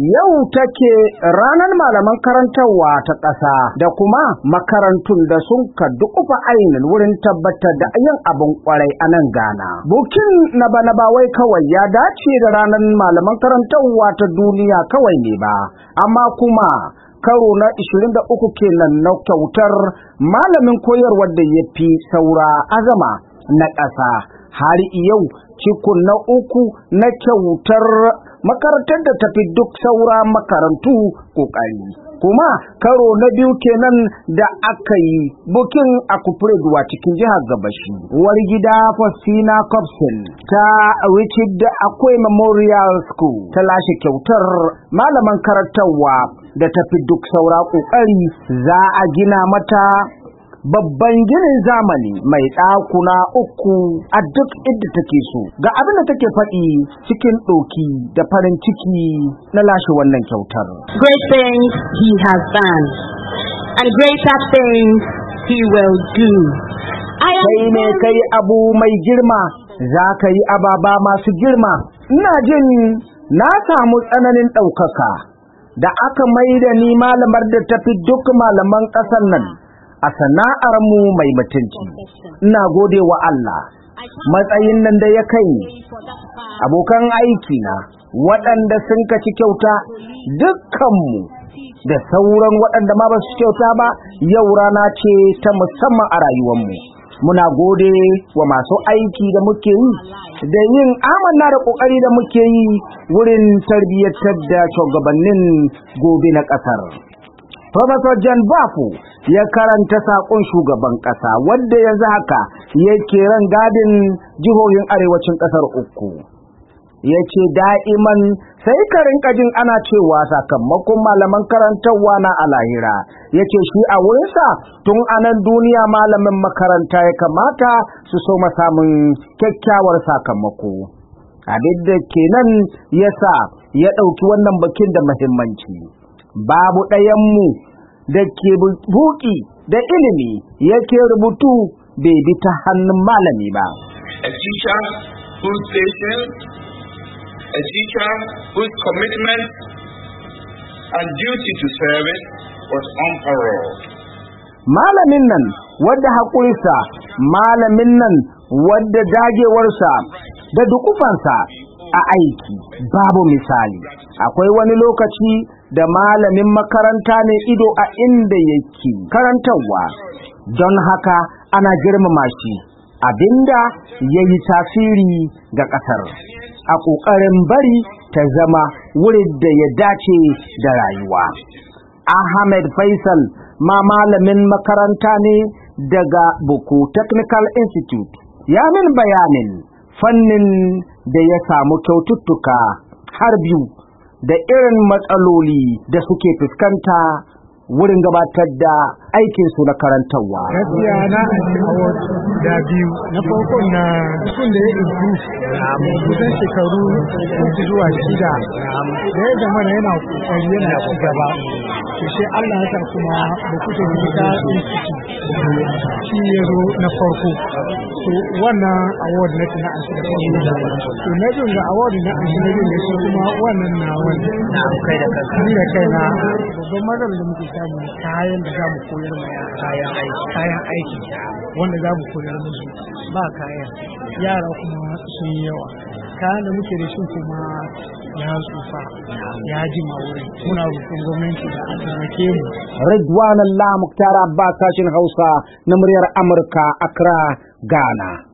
Yau take ranar malaman karantarwa ta ƙasa da kuma makarantun da sun ka dukufa ainihin wurin tabbatar da yin abin kwarai a nan gana. Bukin na bana ba wai kawai ya dace da ranar malaman karantarwa ta duniya kawai ne ba, amma kuma karo na 23 kenan na kyautar malamin koyarwar da ya fi saura azama na ƙasa. har yau cikun na uku na kyautar makarantar da tafi duk saura makarantu ƙoƙari. kuma karo na biyu kenan da aka yi bukin a kufreduwa cikin jihar gabashi gida Fasina cobson ta richard akwai memorial school ta lashe kyautar malaman karantarwa da tafi duk saura kokari za a gina mata babban ginin zamani mai ɗakuna uku a duk inda take so ga abin da take faɗi cikin ɗoki da farin ciki na lashe wannan kyautar. Great things he has done and greater things he will do. Kai ne kai abu mai girma za ka yi ababa masu girma. Ina jin na samu tsananin ɗaukaka da aka mai da ni malamar da tafi duk malaman ƙasar nan. a sana'armu mai mutunci ina gode wa Allah matsayin nan da ya kai abokan aiki na waɗanda sun kaci kyauta dukkanmu da sauran waɗanda ma ba su kyauta ba yau rana ce ta musamman a rayuwarmu muna gode wa masu aiki da muke yi da yin amanna da ƙoƙari da muke yi wurin tarbiyyatar da shugabannin gobe na ƙasar. Professor John Bafu ya karanta saƙon shugaban ƙasa wadda yanzu haka yake ran gadin jihohin arewacin ƙasar uku. Ya ce da'iman sai ka rinka jin ana cewa sakamakon malaman karantarwa na alahira. Ya ce shi a wurinsa tun anan duniya malamin makaranta ya kamata su so samun kyakkyawar sakamako. Abin da kenan ya sa ya ɗauki wannan bakin da muhimmanci. babu ɗayanmu da ke buki da ilimi yake rubutu bai bi ta hannun malami ba. A teacher whose patience, a teacher whose commitment and duty to service was unparalleled. Malamin nan wadda haƙurinsa, malamin nan wadda dagewarsa da dukufansa a aiki babu misali. Akwai wani lokaci da malamin makaranta ne ido a inda yake karantarwa don haka ana girmama shi abinda ya yi tasiri ga ƙasar a ƙoƙarin bari ta zama wurin da ya dace da rayuwa. Ahmed Faisal ma malamin makaranta ne daga Buku Technical Institute ya min bayanin fannin da ya samu kyaututtuka har biyu. da irin matsaloli da suke fuskanta wurin gabatar da aikinsu na karantarwa. Gaskiya na award da biyu na farko na sun da ya izu kusan shekaru zuwa shida da ya zama na yana kusan yana ku gaba. Shi Allah ya sa kuma da kusa da ta shi ya zo na farko. to wannan award na kina an shiga kan da to na jin ga award na an ne shi kuma wannan na wannan na kai da kai ni da kai na babban matsalar da muke samu kayan da zamu koyar ma kayan aiki kayan aiki wanda zamu koyar musu ba kayan yara kuma sun yawa kayan da muke da shi kuma ya tsufa ya ji wurin muna rufin gwamnati da a taimake mu Ridwan Allah Muktar Abbas Hausa na muryar Amurka Accra Gana.